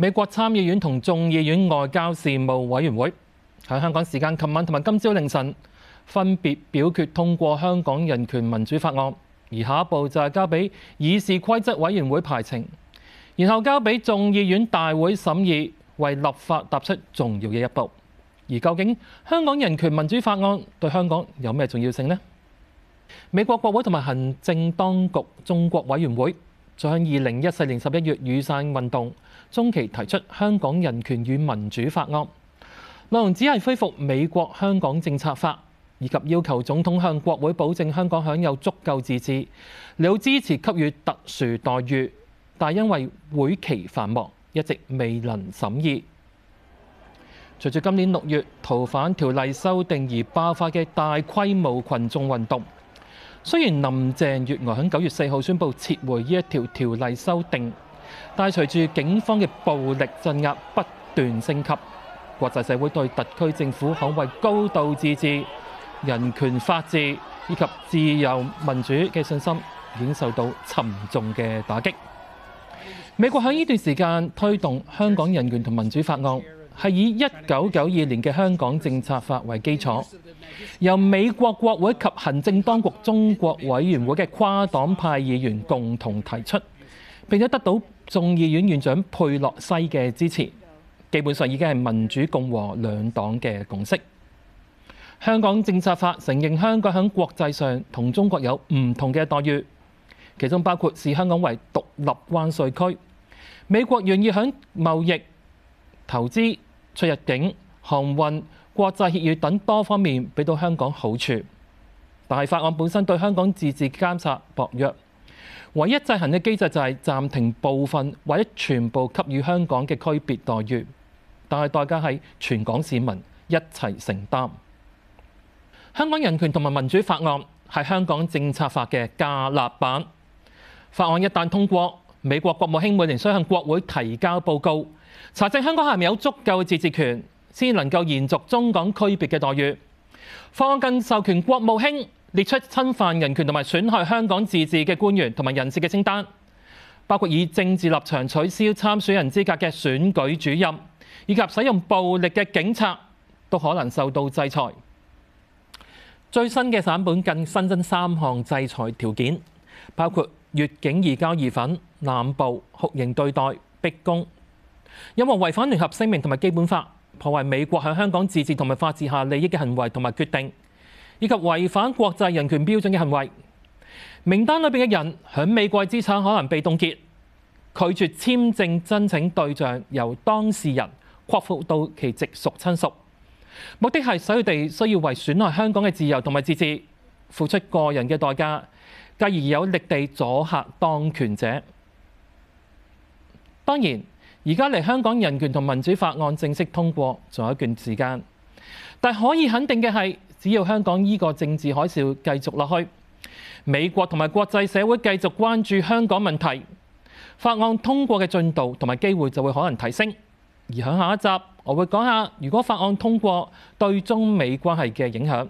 美國參議院同眾議院外交事務委員會喺香港時間琴晚同埋今朝凌晨分別表決通過香港人權民主法案，而下一步就係交俾議事規則委員會排程，然後交俾眾議院大會審議，為立法踏出重要嘅一步。而究竟香港人權民主法案對香港有咩重要性呢？美國國會同埋行政當局中國委員會在二零一四年十一月雨傘運動中期提出香港人權與民主法案，內容只係恢復美國《香港政策法》，以及要求總統向國會保證香港享有足夠自治，要支持給予特殊待遇，但因為會期繁忙，一直未能審議。隨住今年六月逃犯條例修訂而爆發嘅大規模群眾運動，雖然林鄭月娥喺九月四號宣布撤回呢一條條例修訂。但隨住警方嘅暴力鎮壓不斷升級，國際社會對特區政府捍衞高度自治、人權法治以及自由民主嘅信心，已經受到沉重嘅打擊。美國喺呢段時間推動香港人權同民主法案，係以一九九二年嘅香港政策法為基礎，由美國國會及行政當局中國委員會嘅跨黨派議員共同提出。並且得到眾議院院長佩洛西嘅支持，基本上已經係民主共和兩黨嘅共識。香港政策法承認香港響國際上同中國有唔同嘅待遇，其中包括視香港為獨立關稅區。美國願意響貿易、投資、出入境、航運、國際協議等多方面俾到香港好處，但係法案本身對香港自治監察薄弱。唯一制衡嘅機制就係暫停部分或者全部給予香港嘅區別待遇，但係代價係全港市民一齊承擔。香港人權同埋民主法案係香港政策法嘅加辣版法案，一旦通過，美國國務卿每年需向國會提交報告，查證香港係咪有足夠嘅自治權先能夠延續中港區別嘅待遇。法案更授權國務卿。列出侵犯人權同埋損害香港自治嘅官員同埋人士嘅清單，包括以政治立場取消參選人資格嘅選舉主任，以及使用暴力嘅警察都可能受到制裁。最新嘅版本更新增三項制裁條件，包括越境移交疑犯、濫捕、酷刑對待、逼供，有冇違反聯合聲明同埋基本法，破壞美國喺香港自治同埋法治下利益嘅行為同埋決定。以及違反國際人權標準嘅行為，名單裏面嘅人響美國資產可能被凍結，拒絕簽證，申請對象由當事人擴闊到其直屬親屬。目的係使佢哋需要為損害香港嘅自由同埋自治付出個人嘅代價，繼而有力地阻嚇當權者。當然，而家嚟香港人權同民主法案正式通過仲有一段時間，但可以肯定嘅係。只要香港依個政治海嘯繼續落去，美國同埋國際社會繼續關注香港問題，法案通過嘅進度同埋機會就會可能提升。而喺下一集，我會講下如果法案通過對中美關係嘅影響。